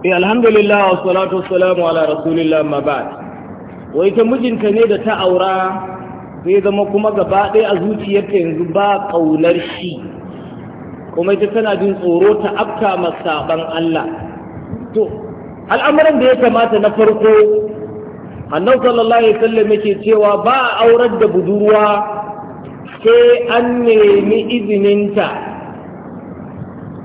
eh alhamdulillah wa salatu salamu ala rasulillah ma ba'd Wa ita mijinta ne da ta aura sai zama kuma gaba ɗaya a zuciyarta yanzu ba ƙaunar shi kuma ita tana jin tsoro ta afka masaban Allah to al'amuran da ya kamata na farko annabi sallallahu alaihi wasallam yake cewa ba aurar da budurwa sai an nemi izininta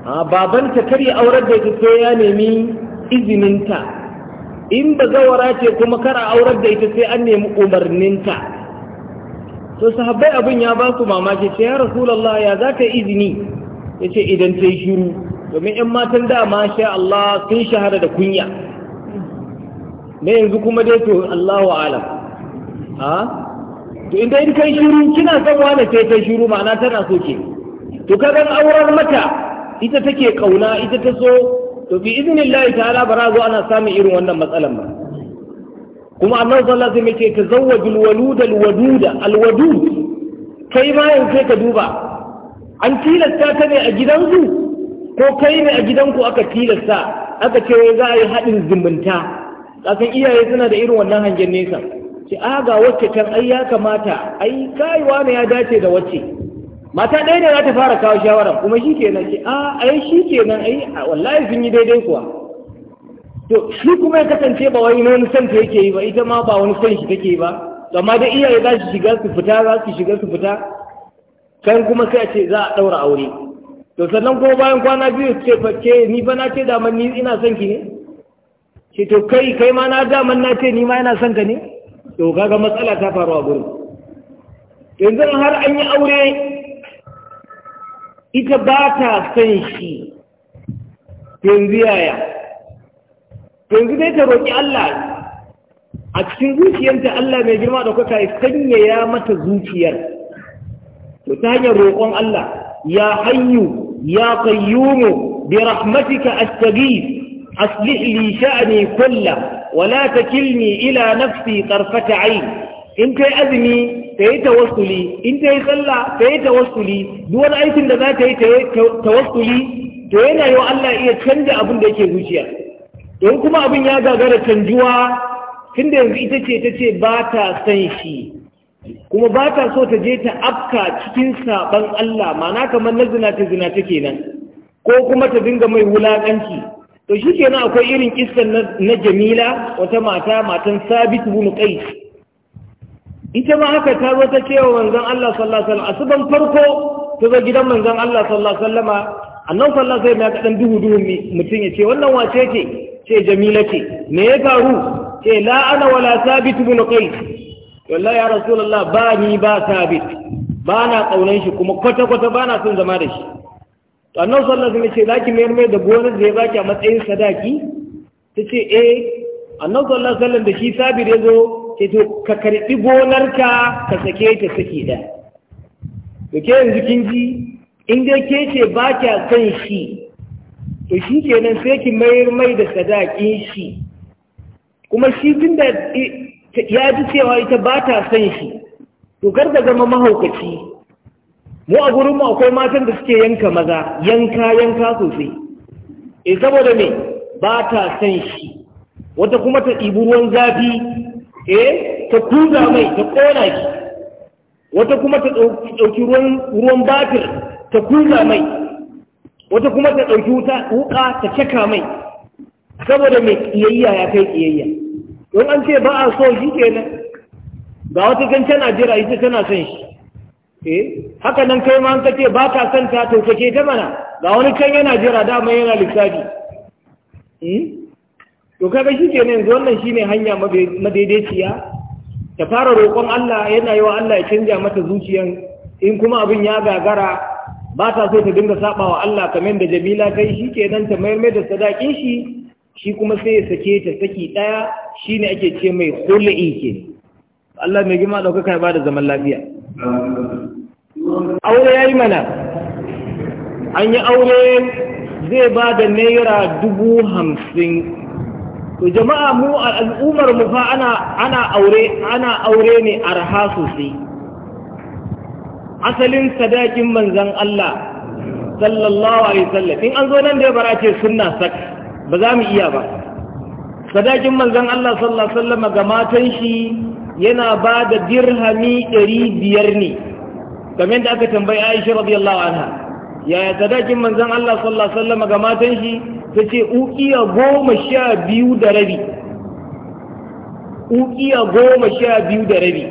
ah, babanta kar ya aurar da ita sai ya nemi izininta in ba zawara ce kuma kara aurar da ita sai an nemi umarninta to sahabbai abin ya ba su mamaki ce ya rasulallah ya za ta izini ya ce idan ta yi shiru domin 'yan matan dama sha Allah sun shahara da kunya na yanzu kuma dai to Allahu alam ha to inda in kai shiru kina son wani sai ta shiru ma'ana tana so ke to kaga auren mata ita take kauna ita ta so to bi ta ala bara zo ana samun irin wannan matsalan ba kuma Allah sallallahu alaihi wasallam ce tazawwajul waluda alwaduda alwadud kai ma sai ka duba an tilasta ka ne a gidansu ko kai ne a gidanku aka tilasta aka ce za a yi haɗin zumunta kasan iyaye suna da irin wannan hangen nesa ce a ga wacce can ai ya kamata ai kaiwa ne ya dace da wacce mata ɗaya ne za ta fara kawo shawara kuma shi ke nake a ah, ai shi ke nan ai wallahi sun yi daidai kuwa to shi kuma ya kasance ba wani wani son ta yake yi ba ita ma ba wani son shi take yi ba amma da iyaye za su shiga su fita za su shiga su fita kan kuma sai a ce za a ɗaura aure to sannan kuma bayan kwana biyu ce ce ni fa na ce da ni ina son ki ne ce to kai kai ma na da na ce ni ma ina son ka ne to kaga matsala ta faru a gurin yanzu har an yi aure ita ba ta san shi yanzu yaya yanzu dai ta roƙi Allah a cikin zuciyarta Allah mai girma da kuka ya sanyaya mata zuciyar to ta hanyar roƙon Allah ya hayyu ya qayyumu bi rahmatika astaghith aslih li sha'ni kullahu wa la takilni ila nafsi tarfata 'ayn in ta azumi ta yi tawassuli in ta yi tsalla ta yi tawassuli duk wani aikin da za ta yi ta to yana yi wa Allah iya canja abin da yake zuciya don kuma abin ya gagara canjuwa tun da yanzu ita ce ta ce ba ta san shi kuma ba ta so ta je ta afka cikin saban Allah ma'ana kamar na zina ta zina ta kenan ko kuma ta dinga mai wulaƙanci to shi kenan akwai irin kissan na jamila wata mata matan sabit bin qais ita ma haka ta zo ta cewa manzon Allah sallallahu alaihi wasallam asuban farko ta zo gidan manzon Allah sallallahu alaihi wasallama annan sallallahu alaihi wasallam ya kadan duhu duhu mutum ya ce wannan wace ce ce jamila ce me ya faru ce la ana wala sabit bin qais wallahi ya rasulullah ba ni ba sabit ba na kaunan shi kuma kwata kwata ba na son zama da shi to annan sallallahu alaihi wasallam ce laki mayar mai da gonar da ya baki a matsayin sadaki tace eh annan sallallahu alaihi wasallam da shi sabir ya zo ce to ka karɓi gonarka ka sake ta sake ɗaya yanzu kin ji in dai ke ce ba kya kan shi to shi kenan sai ki mayar mai da sadakin shi kuma shi tun da ya ji cewa ita ba ta son shi to kar da zama mahaukaci mu a gurinmu akwai matan da suke yanka maza yanka yanka sosai e saboda me ba ta son shi wata kuma ta ɗibi ruwan zafi eh ta kuga mai ta kona shi wata kuma ta ɗauki ruwan batir ta kuga mai wata kuma ta ɗauki wuka ta caka mai saboda mai ƙiyayya ya kai ƙiyayya don an ce ba a so shi kenan ga wata kan tana jira ita tana son shi eh haka nan kai ma an ka ce, ba ka son ta to kake ta mana ga wani kan yana jira dama yana lissafi hmm? to kaga shi ke yanzu wannan shine hanya madaidaiciya ta fara roƙon Allah yana yi wa Allah ya canja mata zuciyan in kuma abin ya gagara ba ta so ta dinga saba wa Allah kamar da Jamila ta yi shi ke nan ta mayar da sadakin shi shi kuma sai ya sake ta saki ɗaya shi ne ake ce mai khul'i ke Allah mai gima ɗaukaka ya ba da zaman lafiya aure ya yi mana an yi aure zai ba da naira dubu hamsin to jama'a mu a al'ummar mu fa ana ana aure ana aure ne arha sosai asalin sadakin manzon Allah sallallahu alaihi wasallam in an zo nan da bara ce sunna sak ba za mu iya ba sadakin manzon Allah sallallahu alaihi wasallam ga matan shi yana ba da dirhami 500 ne kamar da aka tambayi Aisha radiyallahu anha yaya sadakin manzon Allah sallallahu alaihi wasallam ga matan shi ta ce ukiya goma sha biyu da rabi ukiya goma sha biyu da rabi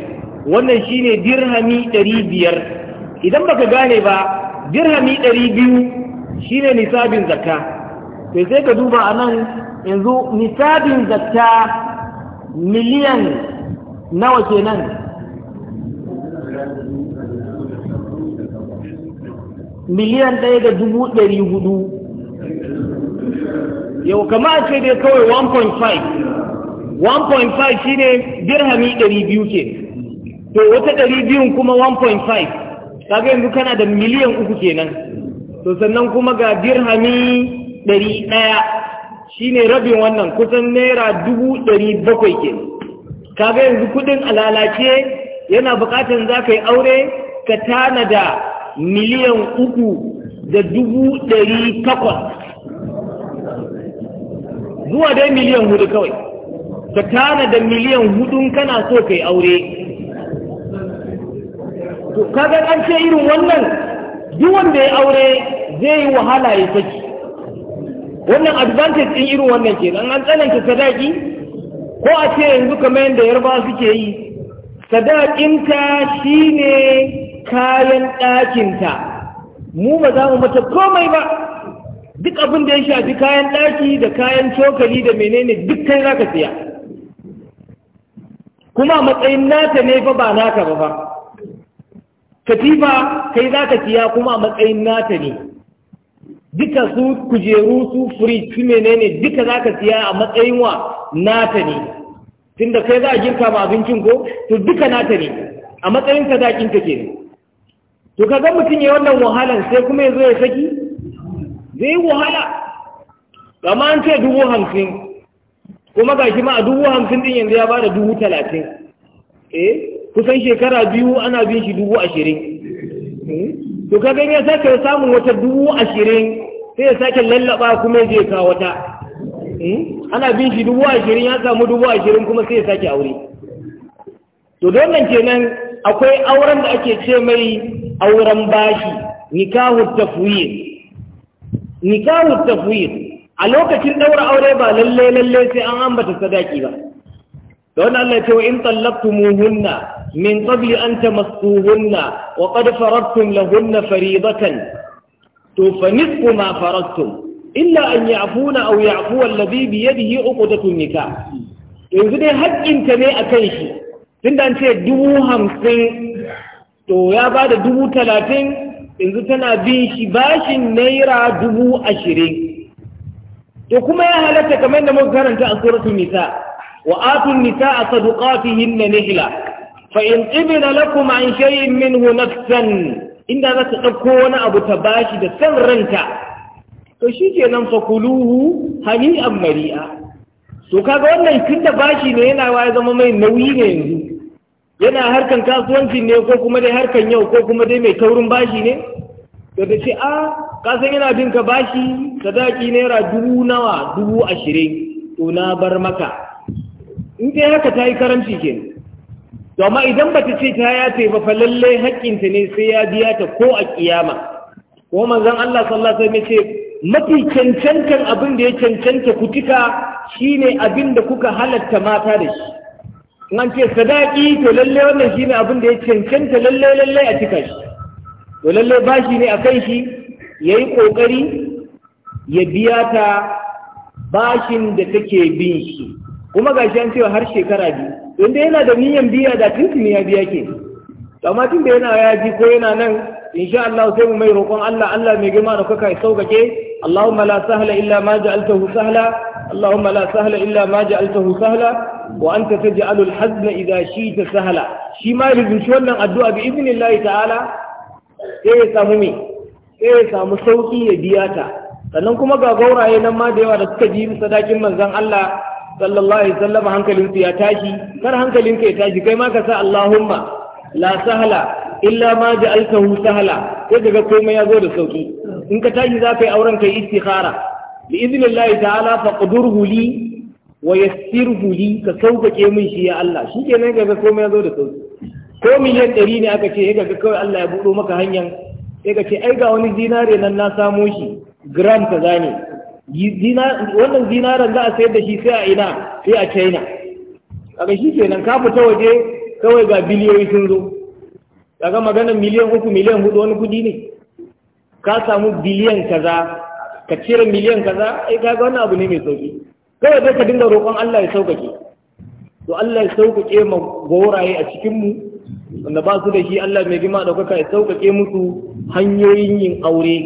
wannan shine dirhami ɗari biyar idan baka gane ba dirhami ɗari biyu shine nisabin zakka to sai ka duba a nan yanzu nisabin zakka miliyan nawa kenan miliyan ɗaya da dubu ɗari hudu yau kama a ce dai kawai 1.5 1.5 shine birhami 200 ke to wata 200 kuma 1.5 ta yanzu kana da miliyan uku kenan to sannan kuma ga birhami 100 shine rabin wannan kusan naira 700 ke ka ga yanzu kudin alalace yana bukatan za ka yi aure ka tana da miliyan uku da dubu ɗari takwas zuwa dai miliyan hudu kawai ka tana da miliyan hudun kana so kai aure to kaga an ce irin wannan duk wanda ya aure zai yi wahala ya saki wannan advantage din irin wannan ke an tsananta sadaki ko a ce yanzu kamar yadda yarba suke yi sadakinta shine kayan ɗakinta mu ba za mu mata komai ba duk abin da ya shafi kayan ɗaki da kayan cokali da menene duk kai za ka siya kuma matsayin nata ne fa ba naka ba fa katifa kai za ka siya kuma matsayin nata ne duka su kujeru su firi su menene duka za ka siya a matsayin wa nata ne tunda kai za a girka ma abincin ko to duka nata ne a matsayin sadakin ka ne. to ka ga mutum ya wannan wahalan sai kuma ya zo ya saki yi wahala ma an ce dubu hamsin kuma ga shi ma a dubu hamsin din yanzu ya ba da dubu talatin eh kusan shekara biyu ana bin shi dubu ashirin eh, to ka gani ya sake samun wata dubu ashirin sai ya sake lallaba kuma ya je ka wata eh, ana bin shi dubu ashirin ya samu dubu ashirin kuma sai ya sake aure to don nan kenan akwai auren da ake ce mai auren bashi nikahu tafwid nikahu tafwid a lokacin daura aure ba lalle lalle sai an ambata sadaki ba da wannan Allah ya ce wa in tallaqtumuhunna min qabli an tamassuhunna wa qad faradtum lahunna fariidatan to fa nisfu ma faradtum illa an ya'funa aw ya'fu alladhi bi yadihi uqdatun nikah yanzu dai haƙƙinka ne a kan shi tunda an ce dubu hamsin to ya ba da dubu talatin yanzu tana bin shi bashin naira dubu ashirin to kuma ya halatta kamar da muka karanta a suratul nisa wa atun nisa a sadukatihin na nihila fa in tsibina lakum an shay'in minhu nafsan inda za ta ɗauko wani abu ta bashi da san ranta to shi ke nan fakuluhu hani'an mari'a to kaga wannan tunda bashi ne yana ya zama mai nauyi ne yanzu yana harkan kasuwanci ne ko kuma dai harkan yau ko kuma dai mai taurin bashi ne to da ce a ah, kasan yana bin ka bashi sadaki naira dubu nawa dubu ashirin to na bar maka in dai haka ta yi karamci ke to amma idan ba ta ce ta yace ba fa lallai haƙƙinta ne sai ya biya ta ko a kiyama ko manzon Allah sallallahu alaihi wasallam ce mafi cancantan abin da ya cancanta kutika shine abin da kuka halatta mata da shi in an ce sadaki to lalle wannan shine abin da ya cancanta lalle lalle a cika shi to lalle bashi ne a kan shi yayi kokari ya biya ta bashin da take bin shi kuma gashi an cewa har shekara biyu inda yana da niyan biya da tuntuni ya biya ke amma tun da yana yaji ko yana nan insha Allah sai mu mai roƙon Allah Allah mai girma da kuka ya saukake Allahumma la sahla illa ma ja'altahu sahla اللهم لا سهل إلا ما جعلته سهلا وأنت تجعل الحزن إذا شئت سهلا شي ما يزوشونا الدعاء بإذن الله تعالى sai ya samu me sai samu sauki ya biya ta sannan kuma ga gauraye nan ma da yawa da suka ji sadakin manzon Allah sallallahu alaihi wasallam hankalin su ya tashi kar hankalin ka ya tashi kai ma ka sa Allahumma la sahla illa ma ja'altahu sahla sai daga komai ya zo da sauki in ka tashi za ka yi auren kai istikhara bi iznillahi ta'ala faqdurhu li wa yassirhu li ka sauƙaƙe min shi ya Allah shi kenan ga komai ya zo da sauƙi ko miliyan ɗari ne aka ce ya ga kawai Allah ya buɗo maka hanyar sai ka ai ga wani zinare nan na samo shi gram ka wannan zinaren za a sayar da shi sai a ina sai a china kaga shi kenan ka fita waje kawai ga biliyoyi sun zo kaga maganar miliyan uku miliyan hudu wani kudi ne ka samu biliyan kaza ka cire miliyan kaza ai ga wani abu ne mai sauki kawai zai ka dinga roƙon Allah ya sauƙaƙe to Allah ya sauƙaƙe ma goraye a cikin mu wanda ba su da shi Allah mai gima ɗaukaka ya sauƙaƙe musu hanyoyin yin aure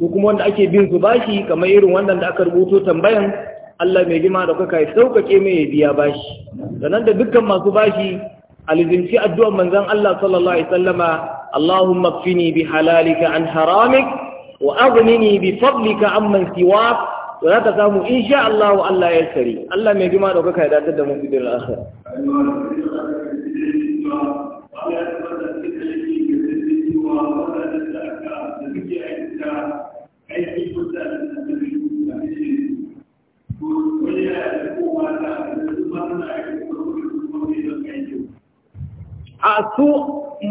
ko kuma wanda ake bin su bashi kamar irin wannan da aka rubuto tambayan Allah mai gima ɗaukaka ya sauƙaƙe mai ya biya bashi sannan da dukkan masu bashi alizinci addu'ar manzon Allah sallallahu alaihi sallama Allahumma fini bi halalika an haramik wa aghnini bi fadlika amman siwak to za samu insha Allah Allah ya tsare Allah mai gima da kuka yarda da mun bidin akhir a su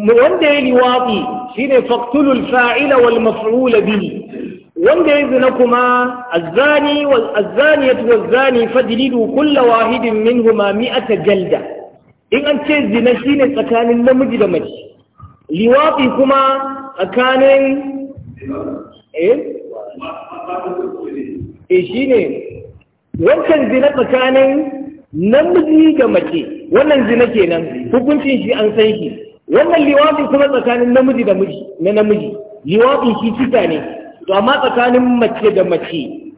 wanda ya liwafi shine faqtulul fa'ila wal maf'ul bihi wanda ya zina kuma azzani wal azzaniyatu waz zani fajlidu kull wahidin minhuma mi'ata jalda in an ce zina shine tsakanin namiji da mace liwafi kuma tsakanin eh eh shine wancan zina tsakanin namiji da mace wannan zina kenan hukuncin shi an san shi wannan liwafin kuma tsakanin namiji da miji na namiji liwafin shi kisa ne to amma tsakanin mace da mace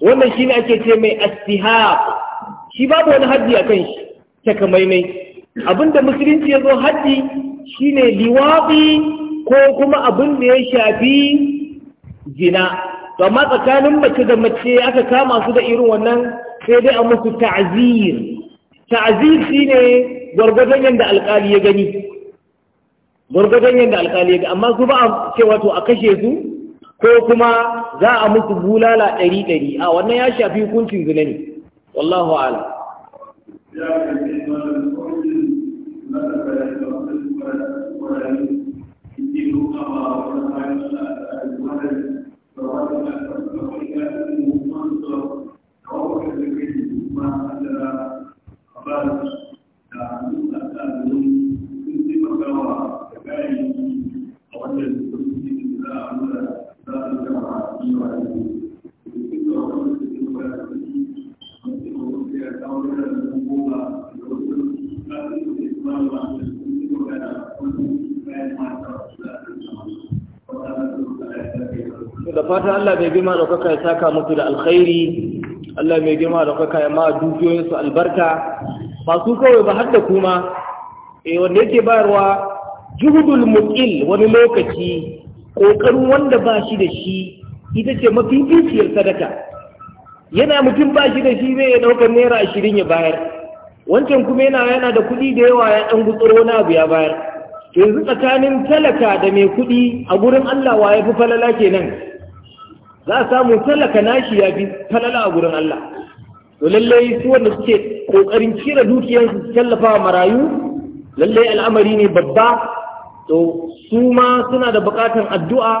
wannan shi ne ake ce mai astihab shi babu wani haddi a kan shi takamaimai abinda musulunci ya zo haddi shi ne liwafi ko kuma abin da ya shafi jina to amma tsakanin mace da mace aka kama su da irin wannan sai dai a musu ta'azir ta'azir shi ne gwargwadon yadda alƙali ya gani gwargwadon yadda alkali ga amma su ba a cewa to a kashe su ko kuma za a musu bulala ɗari ɗari a wannan ya shafi hukuncin zina ne wallahu ala Thank you. da fatan Allah mai girma da kuka ya saka muku da alkhairi Allah mai girma da kuka ya ma dukiyoyinsu albarka Masu su kawai ba har da kuma eh wanda yake bayarwa juhudul muqil wani lokaci kokarin wanda ba shi da shi ita ce mafi sadaka yana mutum ba shi da shi zai ya daukar naira ashirin ya bayar wancan kuma yana yana da kuɗi da yawa ya ɗan gutsuro na abu ya bayar yanzu tsakanin talaka da mai kuɗi a gurin Allah wa ya fi falala ke nan? za a samu talaka nashi ya fi falala a gurin Allah to lallai su wanda suke ƙoƙarin kira dukiyarsu su tallafa marayu lallai al'amari ne babba to su ma suna da buƙatar addu'a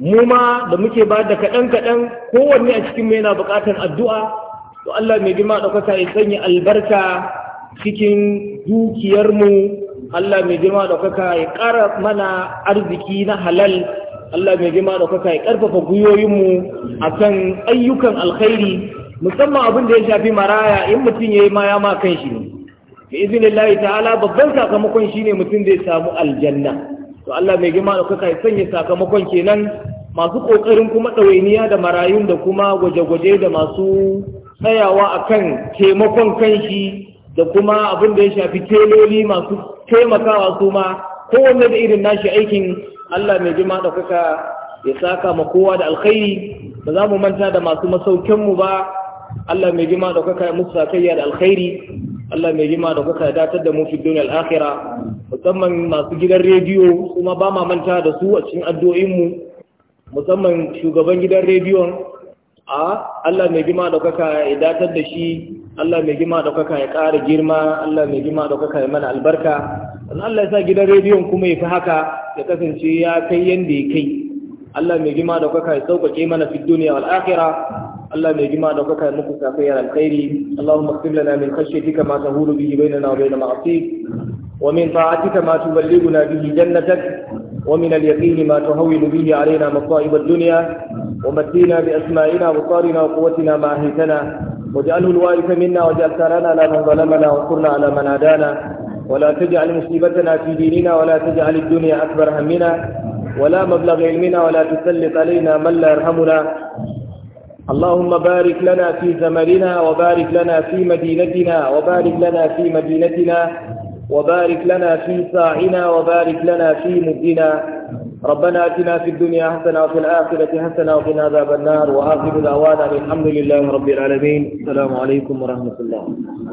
mu ma da muke ba da kaɗan kaɗan kowanne a cikin mu yana buƙatar addu'a to Allah mai girma ɗaukaka ya sanya albarka cikin dukiyarmu Allah mai girma ɗaukaka ya ƙara mana arziki na halal Allah mai girma ɗaukaka ya ƙarfafa gwiwoyinmu a kan ayyukan alkhairi musamman abin da ya shafi maraya in mutum ya yi ma ya ma kan shi ne izini izinillahi ta'ala babban sakamakon ne mutum ya samu aljanna to Allah mai girma ɗaukaka ya sanya sakamakon kenan masu ƙoƙarin kuma ɗawainiya da marayun da kuma gwaje-gwaje da masu tsayawa akan taimakon kanshi da kuma abin da ya shafi teloli masu taimakawa su ma kowanne da irin nashi aikin Allah mai jima da kuka ya saka ma kowa da alkhairi ba za mu manta da masu masaukinmu ba Allah mai jima da kuka ya musu sakayya da alkhairi Allah mai jima da kuka ya datar da mu fi duniyar musamman masu gidan rediyo kuma ba ma manta da su a cikin addu'o'inmu musamman shugaban gidan rediyon a Allah mai gima ɗaukaka ya datar da shi Allah mai gima ɗaukaka ya ƙara girma Allah mai gima ɗaukaka ya mana albarka Allah ya sa gidan rediyon kuma ya fi haka ya kasance ya kai yanda ya kai Allah mai gima ɗaukaka ya sauƙaƙe mana fi duniya wal akhirah Allah mai gima ɗaukaka ya muku safiyar alkhairi Allahumma qsim lana min khashyatika ma tahulu bihi bainana wa bain ma'asik wa min ta'atika ma tuballighuna bihi jannatak wa min al-yaqini ma tuhawwinu bihi alaina masa'ib ad-dunya ومتينا بأسمائنا وطارنا وقوتنا ما أهيتنا واجعله الوارث منا واجعل ثارنا على من ظلمنا وانصرنا على من عادانا ولا تجعل مصيبتنا في ديننا ولا تجعل الدنيا أكبر همنا ولا مبلغ علمنا ولا تسلط علينا من لا يرحمنا اللهم بارك لنا في زمننا وبارك لنا في مدينتنا وبارك لنا في مدينتنا وبارك لنا في ساعنا وبارك لنا في مدنا ربنا اتنا في الدنيا حسنه وفي الاخره حسنه وقنا عذاب النار واخر دعوانا الحمد لله رب العالمين السلام عليكم ورحمه الله